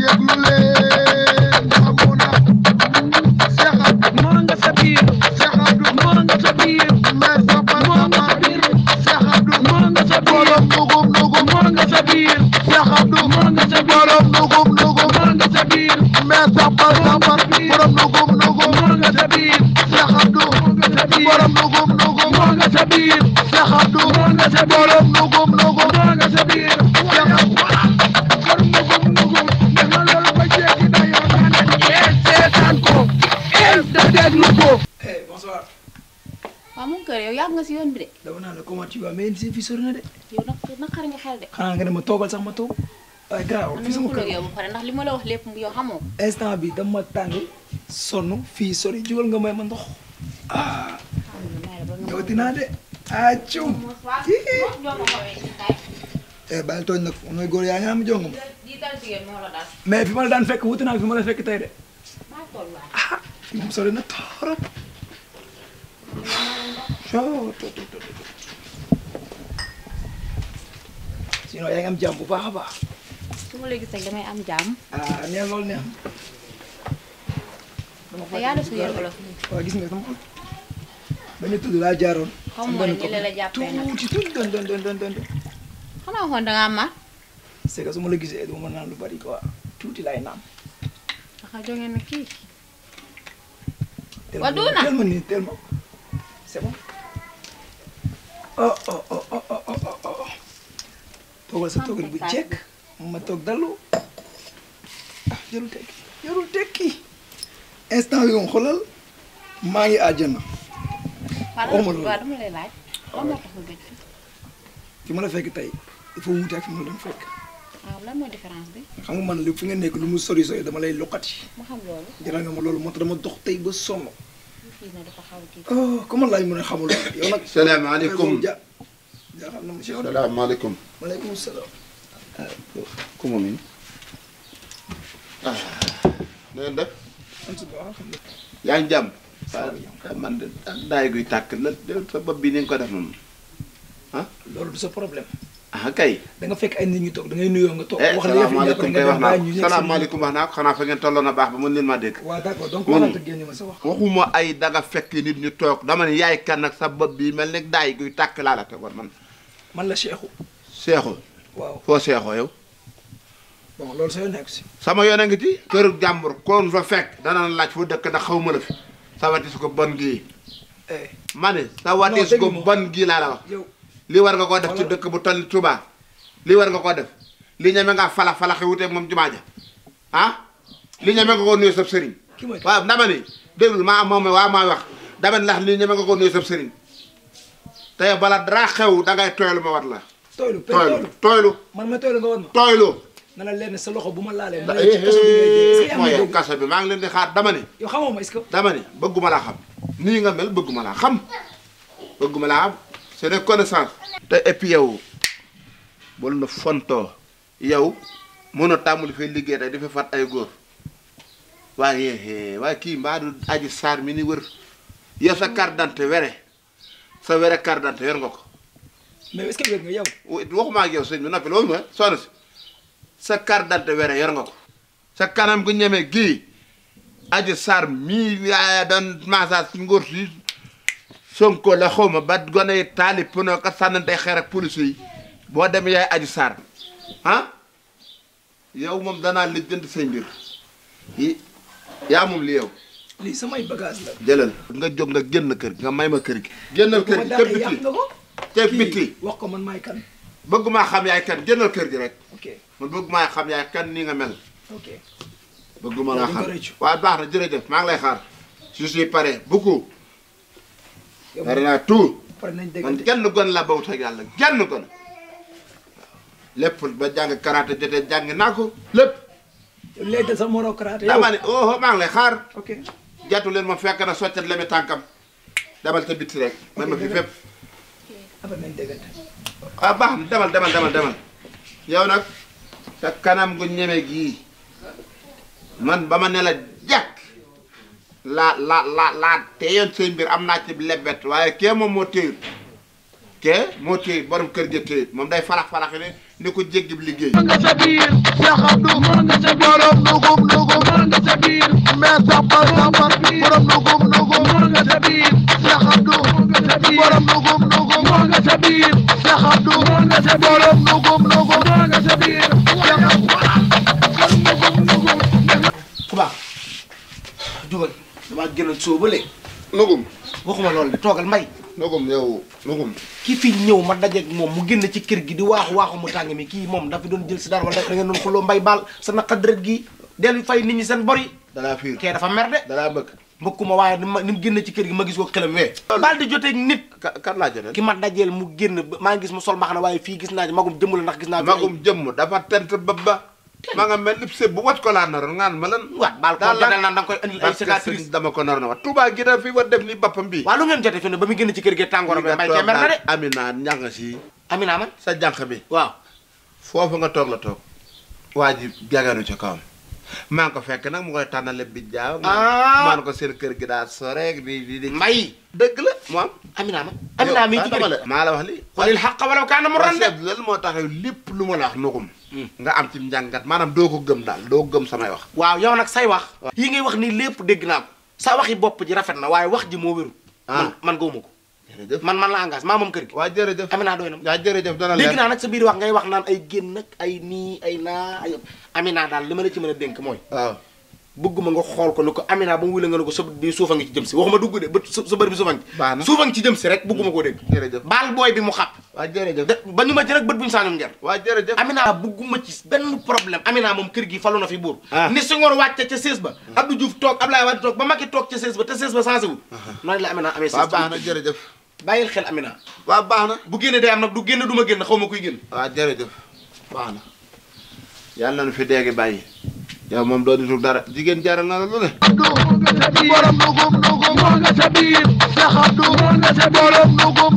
borom nugum nugum kër yow yàgg nga si yoon bi de. dama naan la comment tu vas mais yéen seen fii sori na de. yow nag naqari nga xel de. xanaa nga ne ma toogal sax ma toog. yow li ma wax lépp yow xamoo. instant bi dama tàng sonn fii sori jugal nga may ma ndox. ah yow dinaa de ah ciw. eh bàyyi tooñ nag mooy góor yaa ngi am jongo ma. mais fi ma la daan fekk wuti naa fi ma la fekk tey de. ah fi mu sori na torop. sinon yaa ngi am jàmm bu baax a baax. su ma la gisee damay am jàmm. ah nee loolu am. dama fàttali yàlla su yéen olof. waaw gis nga sama xol. bañ a tudd laa jaaroon. xaw ma woon nii la la jàppee nag tuuti su ma la gisee du ma naan lu bari quoi tuuti laay naan. dafa jógee na kii. wa duuna oh oh oh oh oh, oh, oh, oh. sa toogal bu jekk ma toog dalu ah jarul tekki jarul tekki instant bi moom maa ngi àjjana. waxuma loolu waaw dama lay laaj. lan ma la fekk tey il faut wuute ak fi ma la doon fekk. waaw ah, lan bi. xam nga man li fi nga nekk lu mu sori sori dama lay loqati. ma loolu. jaral nga ma loolu moo tax dama dox tey ba sonn. oh ku man laay mën a xamul mu miin. ah. na ngeen def. Ah, yaa ngi jàmm. Ah, man ah, daay guy tàkk la sa bopp bi ni nga ko def noonu ah. loolu sa problème. ah kay da nga fekk ay nit ñu toog da ngay nuyoo nga toog eh, wax la salaamaaleykum kay wax naa ko salaamaaleykum wax naa ko xanaa fa ngeen tolloon a baax ba mën leen maa dégg waaw ma ay da nga fekk nit ñu toog dama yaay kan nag sa bopp bi mel ne daay guy tàkk laa la man la seexu seexu waaw foo seexoo yow bon loolu sa yoon nekk sama yoon a ngi ci kër jàmbur koon fa fekk danaan laaj foo dëkk ndax xaw ma la fi sa watis ko bon gii eh. ma ne sa watis ko bon gii laa la wax li war nga ko def ci dëkk bu toll Touba li war nga ko def li ñame nga fala fala xewute mom jumaa ja ha ah? li ñame nga ko nuyu sa serigne wa dama ni deul ma mom wa ma wax dama la li ñame nga ko nuyu sa serigne tay bala dara xew da ngay toylu ma wat la toylu toylu man ma toylu nga wat ma toylu nana len sa loxo bu ma laalee mooy kasso bi ma ngi len di xaar dama ni yo xamoo ma est-ce que dama ni bëgguma la xam ni nga mel bëgguma la xam bëgguma la xam c'est des connaissances te et puis yow bul na fontoo yow mën a tàmmali fay liggéey tey dafay fat ay góor waaye waaye kii mbaa du sar saar mi ni wër yow sa carte d'identité were were yor nga ko mais est-ce que wér nga yow waxuma ak yow sëñ bi sa kanam gu ñeme gii aji saar mii yaaya doon massage si ngóor sonko la xoma ba gone talib taalib pono ka sànnante xer ak police yi bo dem yaay aji sar han yow mom dana li jënd say mbir yi ya mom li yow li samay bagage la delal nga jóg nga génn kër nga mayma ma kër gi génnal kër gi te biti te biti wax ko man may kan bëgguma xam yaay kan génnal kër gi rek ok man bëgguma xam yaay kan ni nga mel ok bëgguma la xam wa baax na jërëjëf ma ngi lay xaar je suis paré beaucoup pare naa tout man genn gon laa bawut ak yàlla genn gon lépp ba jàng karaté jotee jàng naa ko lépp léegi sax moo raw karaté dama ne oh maa ngi lay xaar leen ma fekk na soccet lemi tànkam demal te bitti rek man ma fi fépp ah, ah baax na demal demal demal demal yow nag sa kanam gu ñeme gii man ba ma ne laa laa laa laa teyoon seen mbir am naa ci lebet waaye kee moom moo téyut kee moo téyut borom kër ga téyut moom day farax-farax ni ni ko jéggib liggéey nga sa biir yaxam du mën nga sa borom dugub dugub mën nga sa biir mais sàmpal sàmpal borom dugub dugub mën nga sa biir yaxam du borom du mën nga sa borom dugub dugub gën a sóobale. nugum waxuma loolu de toogal mbay. nugum yow nugum. ki fi ñëw ma dajeeg moom mu génn ci kër gi di waaxu waaxu mu tàng mi kii moom dafa doon jël si dara wala da ngeen doon xuloo mbay baal sa naqadret gi dellu fay nit ñi seen bor yi. danaa fiir kee dafa mer de. danaa bëgg. mbëkkuma waaye ni ma ni mu génn ci kër gi ma gis ko xelam wee. baal di joteeg nit. ka kan laa jotee ki ma dajeel mu génn maa gis mu sol ma xam ne waaye fii gis naa magum jëmm la ndax gis naa. magum jëmm dafa tent ba ba maa nga mel lipse bu wat ko laa naroon ngaan ma lan waat baal ko jëndal naan da nga koy andil ay cicatrice dama ko naroon wat Touba gi da fi war def ni bappam bi waaw lu ngeen jote fi ne ba mu génn ci kër gi tàngoor bi may cee mer na de Amina man sa jànq bi waaw foofu nga toog la toog waa ji nu ca kawa maa ngi ko fekk nag mu koy tànnale bi jaaw. Ah. maa ngi ko seen kër gi daa sore di di. mbay dëgg la mu am. Amina ma Amina mi ci la maa la wax li xoolil xaq wala kaana mu ron de lan moo tax lépp lu ma la wax nukum hmm. nga am ci njàngat maanaam doo ko gëm daal doo gëm samay wax. waaw yow nag say wax. yi ngay wax nii lépp dégg naa ko. sa waxi bopp ji rafet na waaye wax ji moo wéru. Ah. man nga wuma ko. man man la engagé maa moom kër gi. waaw jërëjëf Amina doy na ma. waaw jërëjëf dana leer dégg naa nag sa biir wax ngay wax naan ay génn nag naa ay Amina daal li ma la ci mën a dénk mooy. waaw bëgguma nga xool ko ne ko Amina ba ci si waxuma dugg de ba sa bër bi suufa nga ci. baax na suufa nga ci jëm si rek bëgguma koo dégg. jërëjëf baal booy bi mu xàpp. waaw jërëjëf de ba ñu ma ci rek bët bu ñu saanum njar. waaw jërëjëf Amina ah. ca sées ba. Ah. Abdou Diouf ba Macky toog ca sées ba te sées ba sensé wu. Ah. noonu la Amina amee sées ba waaw baax na jërëjëf bàyyil xel Amina. waaw baax na. bu génne day am nag du génn du ma génn xaw ma kuy génn. waaw jërëjëf baax na. yàlla na fi deegi bàyyi. yow moom doo ditul dara jigéen jaral na la lu ne. borom dugub dugub moo nga sa biir. saxam dugub moo nga sa biir borom dugub.